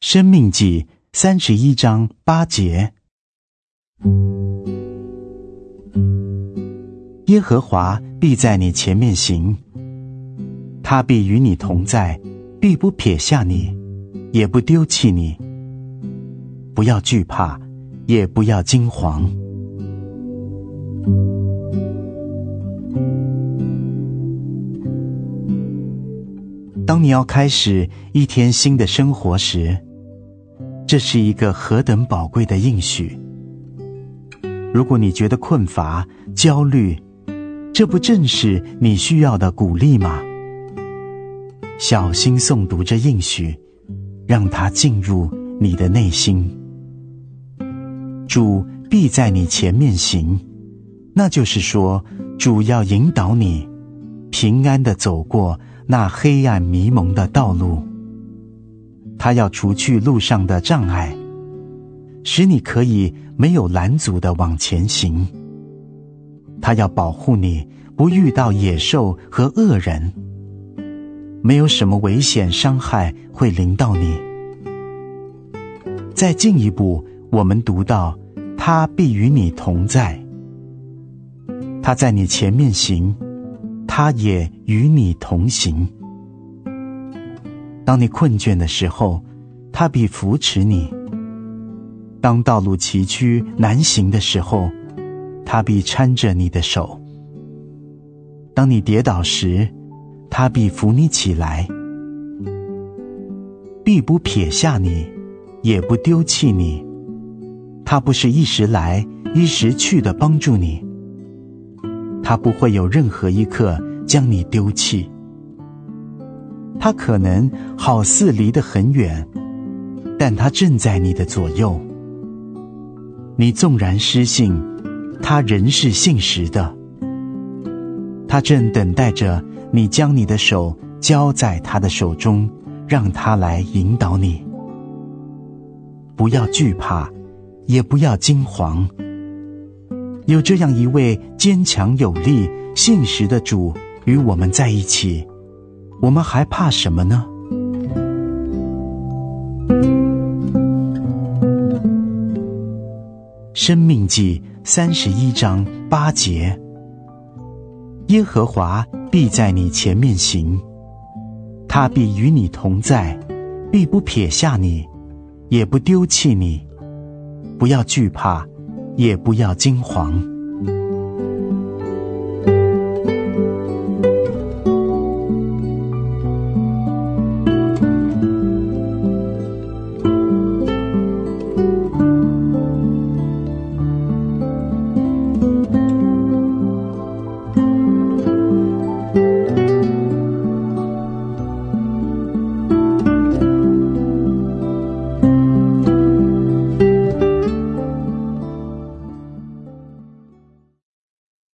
生命記三十一章八節：耶和華必在你前面行，他必與你同在，必不撇下你，也不丟棄你。不要懼怕，也不要驚惶。當你要開始一天新的生活時，這是一個何等寶貴的應許！如果你覺得困乏、焦慮，這不正是你需要的鼓勵嗎？小心誦讀這應許，讓它進入你的內心。主必在你前面行，那就是說，主要引導你平安地走過那黑暗迷蒙的道路。他要除去路上的障礙，使你可以沒有攔阻的往前行。他要保護你，不遇到野獸和惡人，沒有什麼危險傷害會臨到你。再進一步，我們讀到，他必與你同在。他在你前面行，他也與你同行。當你困倦的時候，他必扶持你；當道路崎嶇難行的時候，他必攙着你的手；當你跌倒時，他必扶你起來；必不撇下你，也不丟棄你。他不是一時來、一時去的幫助你，他不會有任何一刻將你丟棄。他可能好似離得很遠，但他正在你的左右。你縱然失信，他仍是信實的。他正等待着你將你的手交在他的手中，讓他來引導你。不要懼怕，也不要驚惶。有這樣一位堅強有力、信實的主與我們在一起。我們還怕什麼呢？申命記三十一章八節，耶和華必在你前面行，他必與你同在，必不撇下你，也不丟棄你。不要懼怕，也不要驚惶。